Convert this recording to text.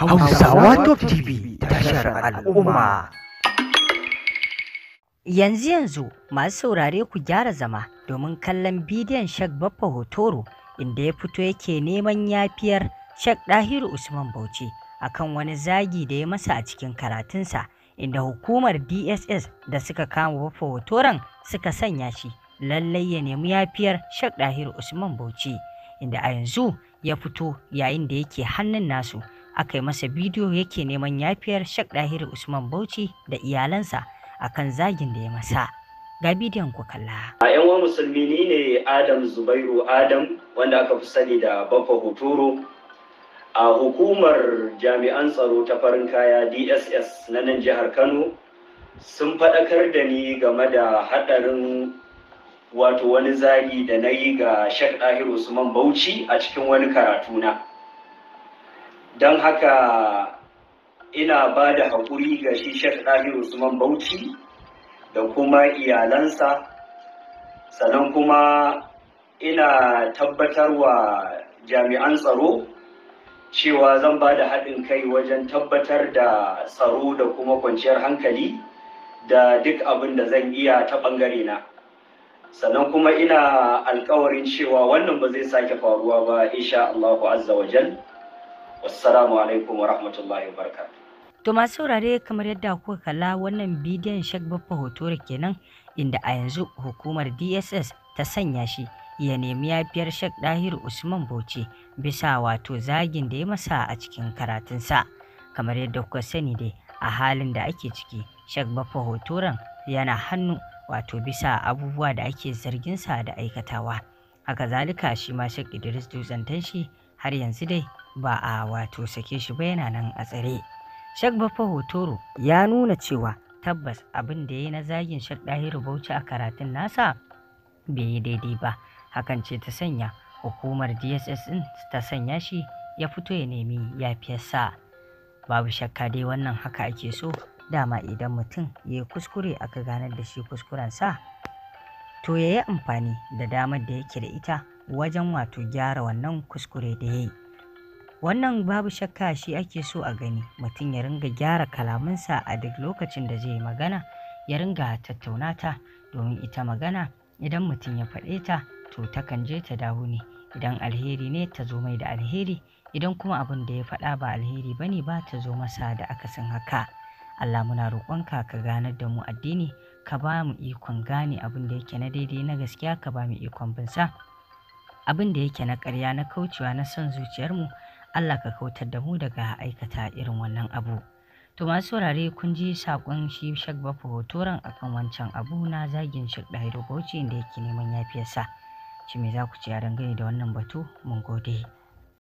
Hausawa Top TV tashar al'umma. Yanzu yanzu masu saurare ku gyara zama domin kallon bidiyon Shek Baffa Hotoro inda ya fito yake neman yafiyar Shek Dahiru Usman Bauchi akan wani zagi da ya masa a cikin karatunsa inda hukumar DSS da suka kama Baffa Hotoron suka sanya shi lallai ya nemi yafiyar Shek Dahiru Usman Bauchi inda a yanzu ya fito yayin da yake hannun nasu. aka yi masa bidiyo yake neman yafiyar Shek Dahiru Usman Bauchi da iyalansa akan zagin da ya masa. Ga bidiyon ku kalla. A yan uwan musulmi ni ne Adam Zubairu Adam wanda aka fi sani da Baffa Hotoro a hukumar jami'an tsaro ta farin kaya DSS na nan jihar Kano sun faɗakar da ni game da haɗarin wato wani zagi da na yi ga shek Dahiru Usman Bauchi a cikin wani karatu na. don haka ina ba da haƙuri ga shi Sheikh Ɗahir Usman Bauchi da kuma iyalansa sannan kuma ina tabbatar wa jami'an tsaro cewa zan ba da haɗin kai wajen tabbatar da tsaro da kuma kwanciyar hankali da duk abin da zan iya ta ɓangare na sannan kuma ina alkawarin cewa wannan ba zai sake faruwa ba insha Allahu azza wajen. Assalamu alaikum wa rahmatullahi wa to masu saurare kamar yadda kuka kalla wannan bidiyon Sheikh baffa hotore kenan inda a yanzu hukumar dss ta sanya shi ya nemi yafiyar Sheikh Dahir Usman Bauchi bisa wato zagin da ya masa a cikin karatunsa. Kamar yadda kuka sani dai a halin da ake ciki Sheikh Baffa Hotoran yana hannu wato bisa abubuwa da ake zargin sa da aikatawa. Haka zalika shi ma Sheikh Idris Dutsen shi har yanzu dai ba a wato sake shi ba yana nan a tsare shak baffa hotoro ya nuna cewa tabbas abin da ya yi na zagin shak ɗahiru bauchi a karatun nasa bai yi daidai ba hakan ce ta sanya hukumar dss ɗin ta sanya shi ya fito ya nemi yafiyarsa babu shakka dai wannan haka ake so dama idan mutum ya yi kuskure aka ganar da shi kuskurensa to ya yi amfani da damar da yake da ita wajen wato gyara wannan kuskure da ya wannan babu shakka shi ake so a gani mutum ya ringa gyara kalamansa a duk lokacin da zai magana ya ringa tattauna domin ita magana idan mutum ya faɗe ta to takan je ta dawo ne idan alheri ne ta zo mai da alheri idan kuma abin da ya faɗa ba alheri ba ne ba ta zo masa da akasin haka Allah muna roƙonka ka ganar da mu addini ka ba mu ikon gane abin da yake na daidai na gaskiya ka ba mu ikon binsa abin da yake na karya na kaucewa na son zuciyarmu Allah ka kautar da mu daga aikata irin wannan abu to masu saurare kun ji sakon shi shak bafu hotoran akan wancan abu na zagin shak da da inda yake neman yafiyarsa shi me za ku ci a dangane da wannan batu mun gode